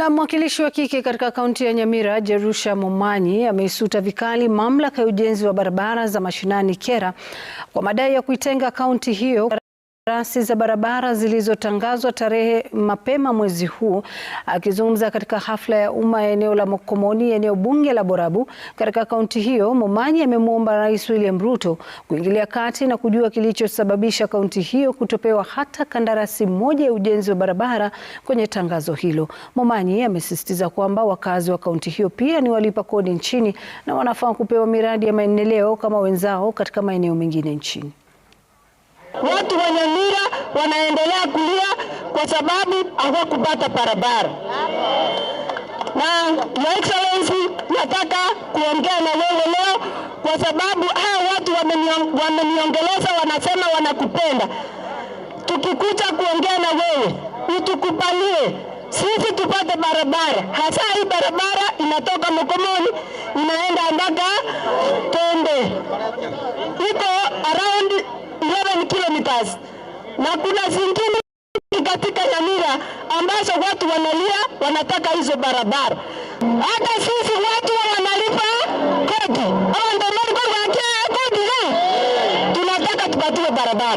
Na mwakilishi wa kike katika kaunti ya Nyamira, Jerusha Momanyi, ameisuta vikali mamlaka ya ujenzi wa barabara za mashinani KERA kwa madai ya kuitenga kaunti hiyo Rasi za barabara zilizotangazwa tarehe mapema mwezi huu. Akizungumza katika hafla ya umma ya eneo la Mokomoni, eneo bunge la Borabu katika kaunti hiyo, Momanyi amemwomba Rais William Ruto kuingilia kati na kujua kilichosababisha kaunti hiyo kutopewa hata kandarasi moja ya ujenzi wa barabara kwenye tangazo hilo. Momanyi amesisitiza kwamba wakazi wa kaunti hiyo pia ni walipa kodi nchini na wanafaa kupewa miradi ya maendeleo kama wenzao katika maeneo mengine nchini watu wenye mira wanaendelea kulia kwa sababu hawakupata barabara. Na Your Excellency, nataka kuongea na wewe leo kwa sababu hawa watu wameniongeleza, wanasema wanakupenda. Tukikuja kuongea na wewe utukubalie sisi tupate barabara, hasa hii barabara inatoka Mokomoni inaenda to campus, na kuna zingine katika Nyamira ambazo watu wanalia, wanataka hizo barabara. Hata sisi watu wanalipa kodi au ndio Mungu eh. tunataka tupatiwe barabara.